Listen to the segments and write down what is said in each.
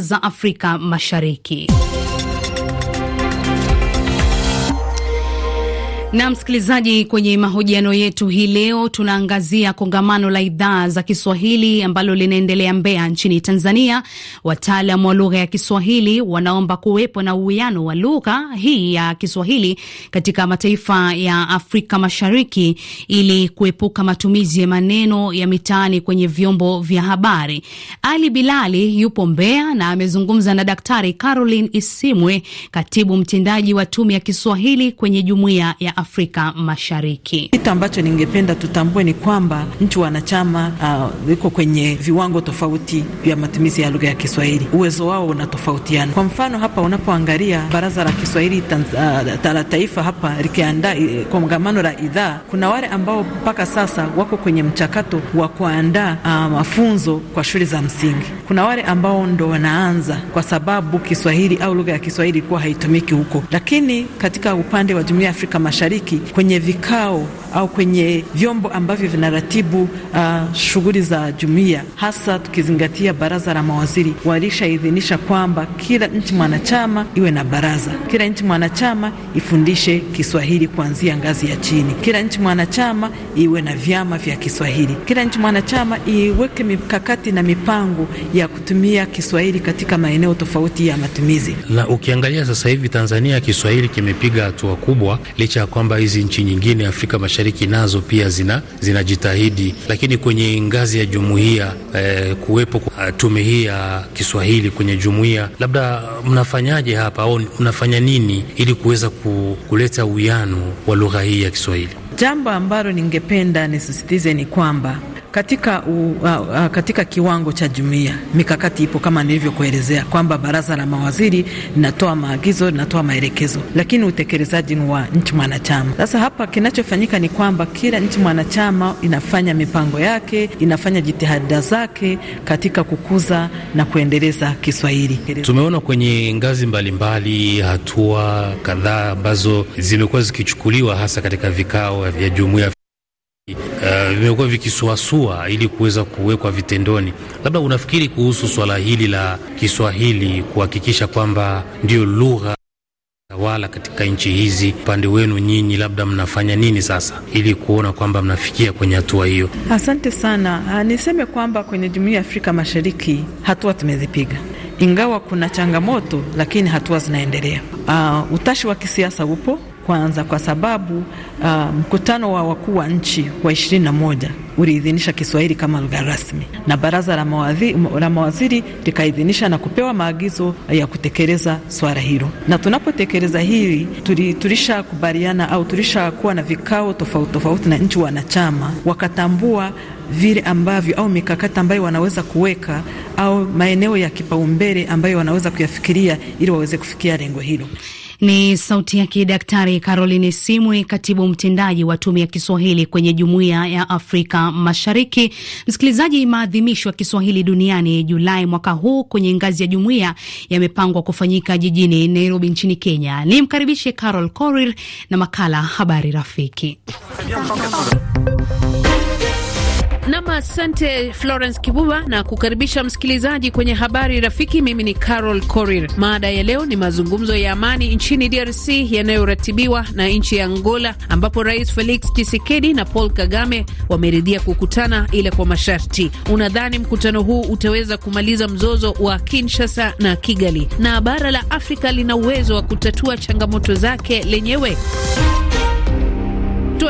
za Afrika Mashariki. Na msikilizaji, kwenye mahojiano yetu hii leo tunaangazia kongamano la idhaa za Kiswahili ambalo linaendelea Mbeya nchini Tanzania. Wataalam wa lugha ya Kiswahili wanaomba kuwepo na uwiano wa lugha hii ya Kiswahili katika mataifa ya Afrika Mashariki ili kuepuka matumizi ya maneno ya mitaani kwenye vyombo vya habari. Ali Bilali yupo Mbeya na amezungumza na Daktari Caroline Isimwe, katibu mtendaji wa tume ya Kiswahili kwenye jumuiya ya Afrika Mashariki. Kitu ambacho ningependa tutambue ni kwamba nchi wanachama uh, iko kwenye viwango tofauti vya matumizi ya lugha ya Kiswahili. Uwezo wao unatofautiana. Kwa mfano, hapa unapoangalia baraza la Kiswahili uh, la taifa hapa likiandaa uh, eh, kongamano la idhaa, kuna wale ambao mpaka sasa wako kwenye mchakato wa kuandaa uh, mafunzo kwa shule za msingi. Kuna wale ambao ndo wanaanza, kwa sababu Kiswahili au lugha ya Kiswahili ilikuwa haitumiki huko, lakini katika upande wa jumuiya ya Afrika Mashariki Mashariki kwenye vikao au kwenye vyombo ambavyo vinaratibu uh, shughuli za jumuiya, hasa tukizingatia baraza la mawaziri walishaidhinisha kwamba kila nchi mwanachama iwe na baraza, kila nchi mwanachama ifundishe Kiswahili kuanzia ngazi ya chini, kila nchi mwanachama iwe na vyama vya Kiswahili, kila nchi mwanachama iweke mikakati na mipango ya kutumia Kiswahili katika maeneo tofauti ya matumizi. Na ukiangalia sasa hivi Tanzania Kiswahili kimepiga hatua kubwa, licha ya kwamba hizi nchi nyingine Afrika Mashariki Mashariki nazo pia zina zinajitahidi, lakini kwenye ngazi ya jumuiya eh, kuwepo uh, tume hii ya Kiswahili kwenye jumuiya, labda mnafanyaje hapa au mnafanya nini ili kuweza kuleta uwiano wa lugha hii ya Kiswahili? Jambo ambalo ningependa nisisitize ni kwamba katika, u, uh, uh, katika kiwango cha jumuiya mikakati ipo kama nilivyokuelezea kwamba baraza la mawaziri linatoa maagizo linatoa maelekezo, lakini utekelezaji ni wa nchi mwanachama. Sasa hapa kinachofanyika ni kwamba kila nchi mwanachama inafanya mipango yake inafanya jitihada zake katika kukuza na kuendeleza Kiswahili. Tumeona kwenye ngazi mbalimbali mbali, hatua kadhaa ambazo zimekuwa zikichukuliwa hasa katika vikao vya jumuiya uh, vimekuwa vikisuasua ili kuweza kuwekwa vitendoni. Labda unafikiri kuhusu swala hili la Kiswahili kuhakikisha kwamba ndio lugha tawala katika nchi hizi, upande wenu nyinyi, labda mnafanya nini sasa ili kuona kwamba mnafikia kwenye hatua hiyo? Asante sana. Ah, niseme kwamba kwenye jumuiya ya Afrika Mashariki hatua tumezipiga, ingawa kuna changamoto, lakini hatua zinaendelea. Uh, utashi wa kisiasa upo kwanza kwa sababu uh, mkutano wa wakuu wa nchi wa ishirini na moja uliidhinisha Kiswahili kama lugha rasmi na baraza la mawaziri, la mawaziri likaidhinisha na kupewa maagizo ya kutekeleza swala hilo. Na tunapotekeleza hili tulishakubaliana au tulishakuwa na vikao tofauti tofauti na nchi wanachama, wakatambua vile ambavyo au mikakati ambayo wanaweza kuweka au maeneo ya kipaumbele ambayo wanaweza kuyafikiria ili waweze kufikia lengo hilo. Ni sauti yake Daktari Caroline Simwe, katibu mtendaji wa tume ya Kiswahili kwenye jumuiya ya Afrika Mashariki. Msikilizaji, maadhimisho ya Kiswahili duniani Julai mwaka huu kwenye ngazi ya jumuiya yamepangwa kufanyika jijini Nairobi nchini Kenya. ni mkaribishe Carol Korir na makala Habari Rafiki. Nam, asante Florence Kibuba na kukaribisha msikilizaji kwenye habari rafiki. Mimi ni Carol Korir. Mada ya leo ni mazungumzo ya amani nchini DRC yanayoratibiwa na nchi ya Angola, ambapo Rais Felix Tshisekedi na Paul Kagame wameridhia kukutana, ila kwa masharti. Unadhani mkutano huu utaweza kumaliza mzozo wa Kinshasa na Kigali, na bara la Afrika lina uwezo wa kutatua changamoto zake lenyewe?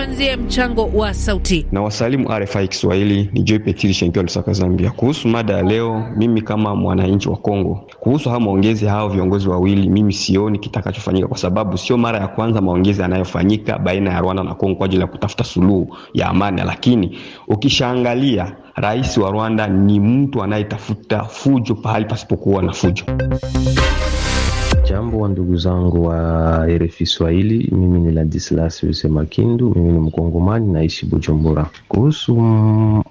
tuanzie mchango wa sauti na wasalimu RFI Kiswahili. Ni Joy Petirisha nikiwa Lusaka, Zambia, kuhusu mada ya leo. Mimi kama mwananchi wa Kongo, kuhusu hao maongezi hao viongozi wawili, mimi sioni kitakachofanyika, kwa sababu sio mara ya kwanza maongezi yanayofanyika baina ya Rwanda na Kongo kwa ajili ya kutafuta suluhu ya amani, lakini ukishaangalia rais wa Rwanda ni mtu anayetafuta fujo pahali pasipokuwa na fujo. Jambo wa ndugu zangu wa RFI Swahili, mimi ni Ladislas makindu mimi ni Mkongomani, naishi Bujumbura. Kuhusu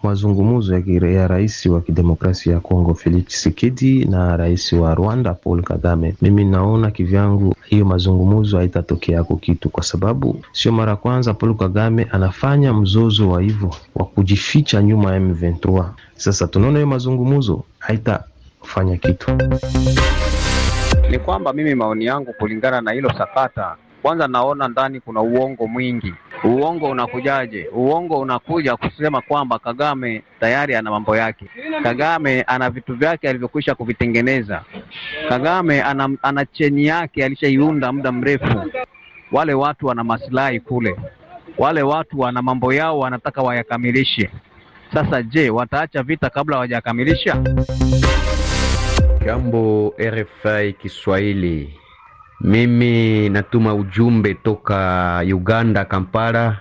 mazungumzo ya, ya rais wa kidemokrasia ya Kongo Felix Tshisekedi na rais wa Rwanda Paul Kagame, mimi naona kivyangu hiyo mazungumzo haitatokeako kitu, kwa sababu sio mara kwanza Paul Kagame anafanya mzozo wa hivyo wa kujificha nyuma ya M23. Sasa tunaona hiyo mazungumzo haitafanya kitu ni kwamba mimi maoni yangu kulingana na hilo sakata, kwanza naona ndani kuna uongo mwingi. Uongo unakujaje? Uongo unakuja kusema kwamba Kagame tayari ana mambo yake, Kagame ana vitu vyake alivyokwisha kuvitengeneza, Kagame ana, ana cheni yake alishaiunda muda mrefu. Wale watu wana maslahi kule, wale watu wana mambo yao wanataka wayakamilishe. Sasa je, wataacha vita kabla hawajakamilisha? Jambo RFI Kiswahili, mimi natuma ujumbe toka Uganda, Kampala.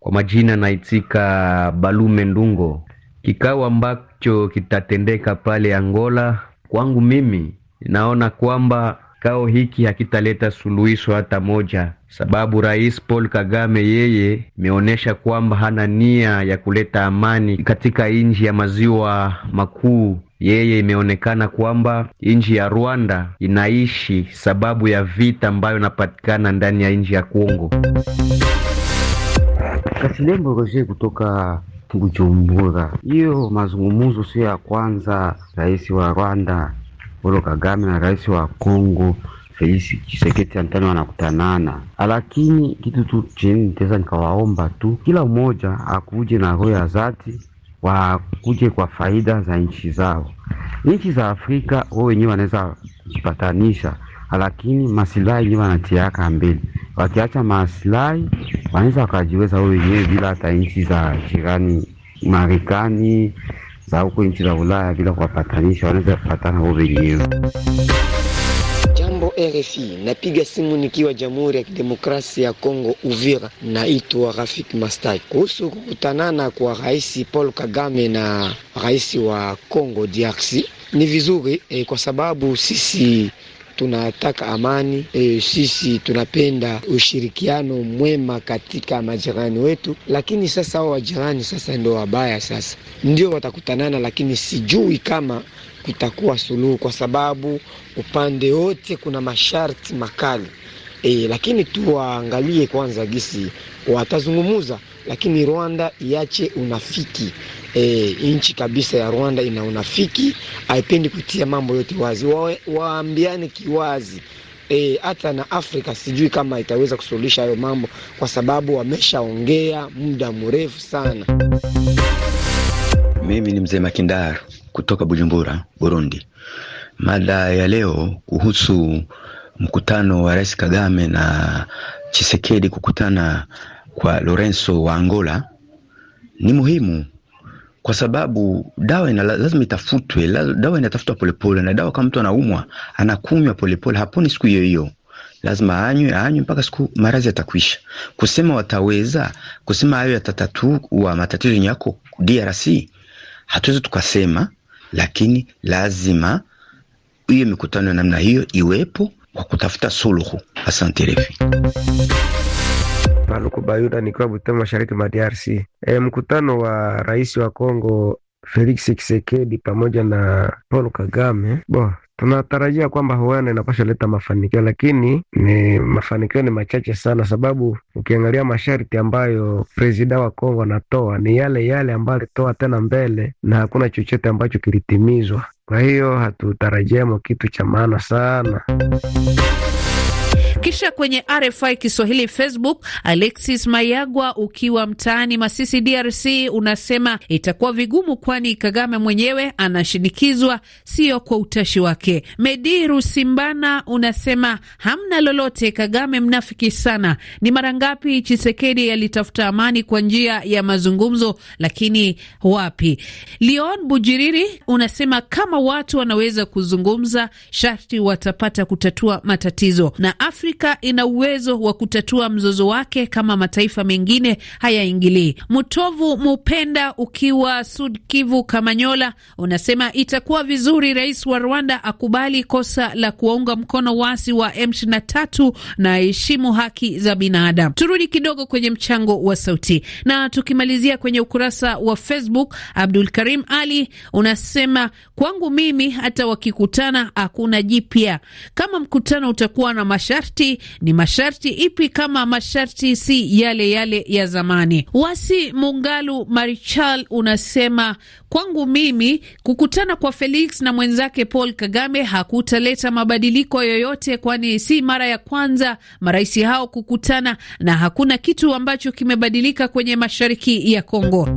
Kwa majina naitika Balume Ndungo. Kikao ambacho kitatendeka pale Angola, kwangu mimi naona kwamba Kikao hiki hakitaleta suluhisho hata moja, sababu Rais Paul Kagame yeye imeonyesha kwamba hana nia ya kuleta amani katika nchi ya maziwa makuu. Yeye imeonekana kwamba nchi ya Rwanda inaishi sababu ya vita ambayo inapatikana ndani ya nchi ya Kongo. Kasilembo Roger kutoka Bujumbura. Hiyo mazungumzo sio ya kwanza rais wa Rwanda Paul Kagame na rais wa Kongo Felix Tshisekedi Antani wanakutanana, lakini kitu tu chini nitaweza nikawaomba tu kila mmoja akuje na roho ya dhati, wakuje kwa faida za nchi zao. Nchi za Afrika wao wenyewe wanaweza kupatanisha, lakini masilahi yenyewe wanatiaka mbele. Wakiacha masilahi, wanaweza wakajiweza wao wenyewe bila hata nchi za jirani Marekani za huko nchi za Ulaya bila kuwapatanisha, wanaweza kupatana wao wenyewe. Jambo RFI, napiga simu nikiwa Jamhuri ya Kidemokrasia ya Kongo, Uvira. Naitwa Rafik Mastai. Kuhusu kukutanana kwa Rais Paul Kagame na rais wa Kongo DRC ni vizuri eh, kwa sababu sisi tunataka amani e, sisi tunapenda ushirikiano mwema katika majirani wetu, lakini sasa hao wajirani sasa ndio wabaya, sasa ndio watakutanana, lakini sijui kama kutakuwa suluhu, kwa sababu upande wote kuna masharti makali e, lakini tuwaangalie kwanza gisi watazungumuza, lakini Rwanda iache unafiki e, eh, nchi kabisa ya Rwanda ina unafiki, haipendi kutia mambo yote wazi, wa, waambiane kiwazi eh, hata e, na Afrika sijui kama itaweza kusuluhisha hayo mambo, kwa sababu wameshaongea muda mrefu sana. Mimi ni mzee Makindar kutoka Bujumbura, Burundi. Mada ya leo kuhusu mkutano wa Rais Kagame na Chisekedi kukutana kwa Lorenzo wa Angola ni muhimu kwa sababu dawa ina lazima itafutwe, dawa inatafutwa polepole, na dawa kama mtu anaumwa anakunywa polepole, haponi siku hiyo hiyo lazima anywe anywe mpaka siku maradhi yatakwisha. Kusema wataweza kusema hayo yatatatua matatizo yenye yako DRC, hatuwezi tukasema, lakini lazima hiyo mikutano ya namna hiyo iwepo kwa kutafuta suluhu. Asante refi Paluku Bayuda nikiwa Butembo, mashariki mwa DRC. E, mkutano wa rais wa Kongo Felix Tshisekedi pamoja na Paul Kagame bo tunatarajia kwamba huenda inapasha leta mafanikio, lakini ni mafanikio ni machache sana, sababu ukiangalia masharti ambayo presida wa Kongo anatoa ni yale yale ambayo alitoa tena mbele, na hakuna chochote ambacho kilitimizwa. Kwa hiyo hatutarajiamo kitu cha maana sana kisha kwenye RFI Kiswahili Facebook, Alexis Mayagwa ukiwa mtaani Masisi, DRC, unasema itakuwa vigumu, kwani Kagame mwenyewe anashinikizwa, sio kwa utashi wake. Medi Rusimbana unasema hamna lolote, Kagame mnafiki sana. Ni mara ngapi Chisekedi alitafuta amani kwa njia ya mazungumzo, lakini wapi? Leon Bujiriri unasema kama watu wanaweza kuzungumza, sharti watapata kutatua matatizo na Afrika Afrika ina uwezo wa kutatua mzozo wake kama mataifa mengine hayaingilii. Mutovu Mupenda ukiwa Sud Kivu Kamanyola unasema itakuwa vizuri rais wa Rwanda akubali kosa la kuwaunga mkono wasi wa M23 na aheshimu haki za binadamu. Turudi kidogo kwenye mchango wa sauti na tukimalizia kwenye ukurasa wa Facebook, Abdul Karim Ali unasema kwangu mimi hata wakikutana hakuna jipya, kama mkutano utakuwa na masharti masharti ni masharti ipi kama masharti si yale yale ya zamani? Wasi Mungalu Marichal unasema kwangu mimi kukutana kwa Felix na mwenzake Paul Kagame hakutaleta mabadiliko yoyote, kwani si mara ya kwanza marais hao kukutana na hakuna kitu ambacho kimebadilika kwenye mashariki ya Kongo.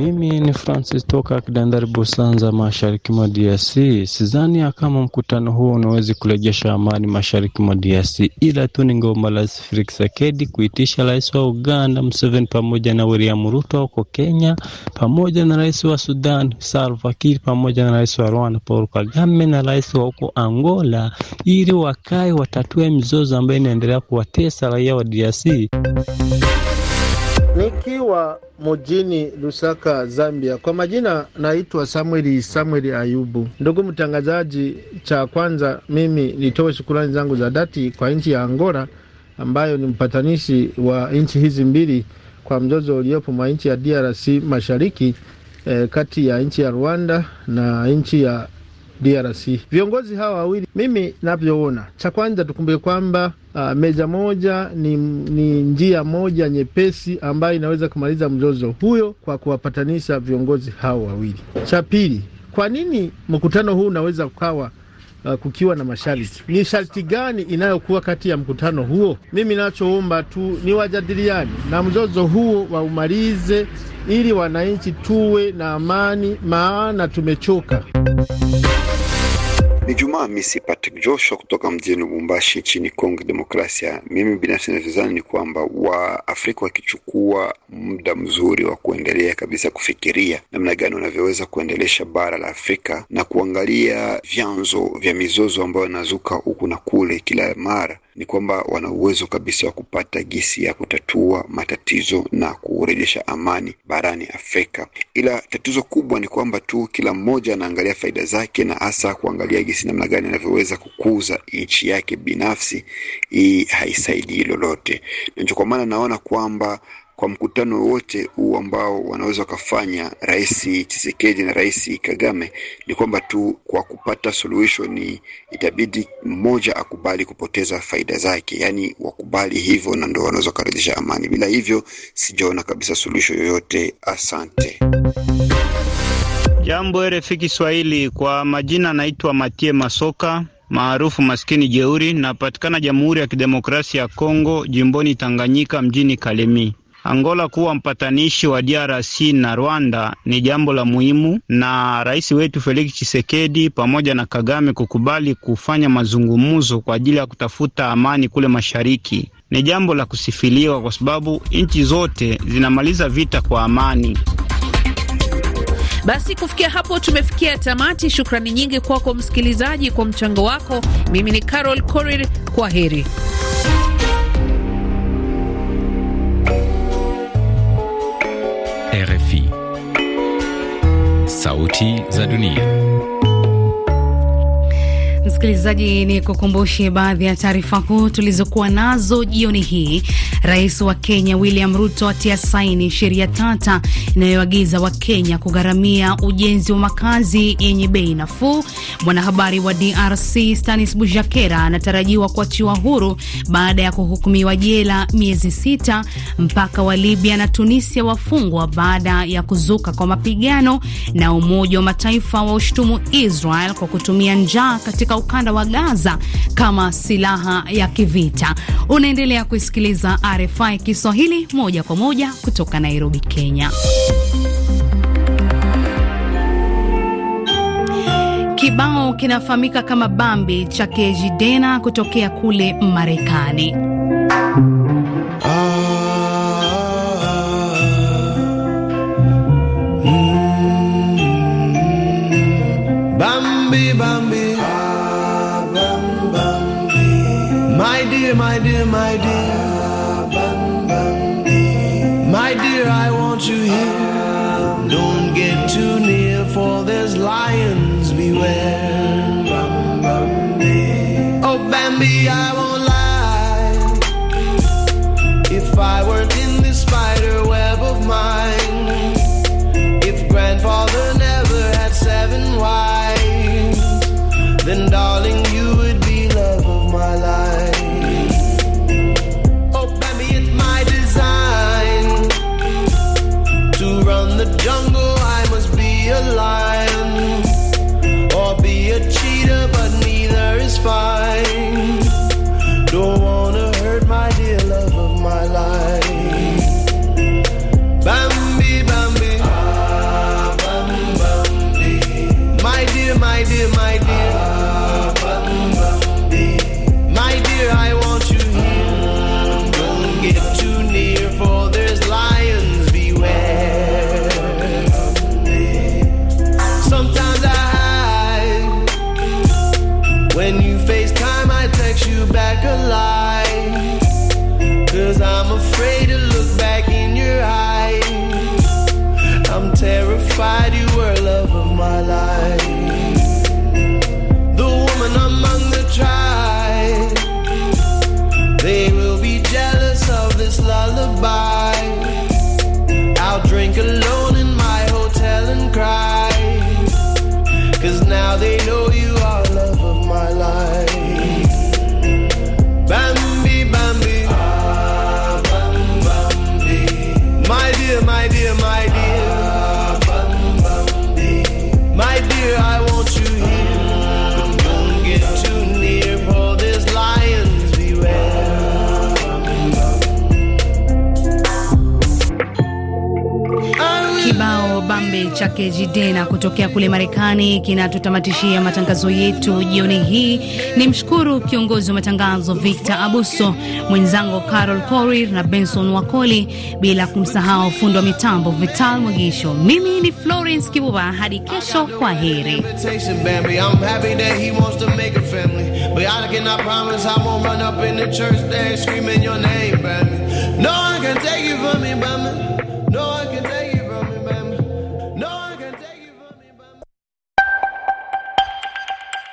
Mimi ni Francis toka Kidandari Busanza, mashariki mwa DRC. Sidhani kama mkutano huo unawezi kurejesha amani mashariki mwa DRC, ila tu ni ngoma la Felix Tshisekedi kuitisha rais wa Uganda Museveni pamoja na William Ruto huko Kenya, pamoja na rais wa Sudan Salva Kiir, pamoja na rais wa Rwanda Paul Kagame na rais wa huko Angola, ili wakae watatue mizozo ambayo inaendelea kuwatesa raia wa DRC. Nikiwa mjini Lusaka, Zambia. Kwa majina naitwa Samueli Samueli Ayubu. Ndugu mtangazaji, cha kwanza mimi nitoe shukurani zangu za dhati kwa nchi ya Angola ambayo ni mpatanishi wa nchi hizi mbili kwa mzozo uliopo mwa nchi ya DRC Mashariki eh, kati ya nchi ya Rwanda na nchi ya DRC. Viongozi hawa wawili mimi navyoona, cha kwanza tukumbuke kwamba uh, meja moja ni, ni njia moja nyepesi ambayo inaweza kumaliza mzozo huyo kwa kuwapatanisha viongozi hao wawili. Cha pili, kwa nini mkutano huu unaweza ukawa uh, kukiwa na masharti. Ni sharti gani inayokuwa kati ya mkutano huo? Mimi nachoomba tu ni wajadiliani na mzozo huo waumalize, ili wananchi tuwe na amani, maana tumechoka. Ijumaa misi Patrick Joshua kutoka mjini Lubumbashi nchini Kongo Demokrasia. Mimi binafsi nadhani ni kwamba Waafrika wakichukua muda mzuri wa kuendelea kabisa kufikiria namna gani wanavyoweza kuendelesha bara la Afrika na kuangalia vyanzo vya mizozo ambayo inazuka huku na kule kila mara ni kwamba wana uwezo kabisa wa kupata gesi ya kutatua matatizo na kurejesha amani barani Afrika. Ila tatizo kubwa ni kwamba tu kila mmoja anaangalia faida zake, na hasa kuangalia gesi namna gani anavyoweza kukuza nchi yake binafsi. Hii haisaidii lolote, ndio kwa maana naona kwamba kwa mkutano wote huu ambao wanaweza wakafanya Rais Tshisekedi na Rais Kagame ni kwamba tu kwa kupata suluhisho ni itabidi mmoja akubali kupoteza faida zake, yaani wakubali hivyo, na ndio wanaweza wakarejesha amani. Bila hivyo sijaona kabisa suluhisho yoyote. Asante. Jambo RFI Kiswahili, kwa majina naitwa Matie Masoka maarufu maskini jeuri, napatikana Jamhuri ya Kidemokrasia ya Kongo, jimboni Tanganyika, mjini Kalemi. Angola kuwa mpatanishi wa DRC na Rwanda ni jambo la muhimu, na rais wetu Felix Tshisekedi pamoja na Kagame kukubali kufanya mazungumzo kwa ajili ya kutafuta amani kule mashariki ni jambo la kusifiliwa, kwa sababu nchi zote zinamaliza vita kwa amani. Basi kufikia hapo tumefikia tamati. Shukrani nyingi kwako msikilizaji kwa mchango wako. Mimi ni Carol Korir, kwa heri. Sauti za Dunia. Msikilizaji, ni kukumbushe baadhi ya taarifa kuu tulizokuwa nazo jioni hii. Rais wa Kenya William Ruto atia saini sheria tata inayoagiza Wakenya kugharamia ujenzi wa makazi yenye bei nafuu. Mwanahabari wa DRC Stanis Bujakera anatarajiwa kuachiwa huru baada ya kuhukumiwa jela miezi sita. Mpaka wa Libya na Tunisia wafungwa baada ya kuzuka kwa mapigano, na Umoja wa Mataifa wa ushtumu Israel kwa kutumia njaa katika katika ukanda wa Gaza kama silaha ya kivita. Unaendelea kusikiliza RFI Kiswahili moja kwa moja kutoka Nairobi, Kenya. Kibao kinafahamika kama Bambi cha Kejidena kutokea kule Marekani. dear, my dear, my dear. chake Jidena kutokea kule Marekani kinatutamatishia matangazo yetu jioni hii. Ni mshukuru kiongozi wa matangazo Victor Abuso, mwenzangu Carol Korir na Benson Wakoli, bila kumsahau fundi wa mitambo Vital Mwagisho. Mimi ni Florence Kibuba, hadi kesho, kwa heri.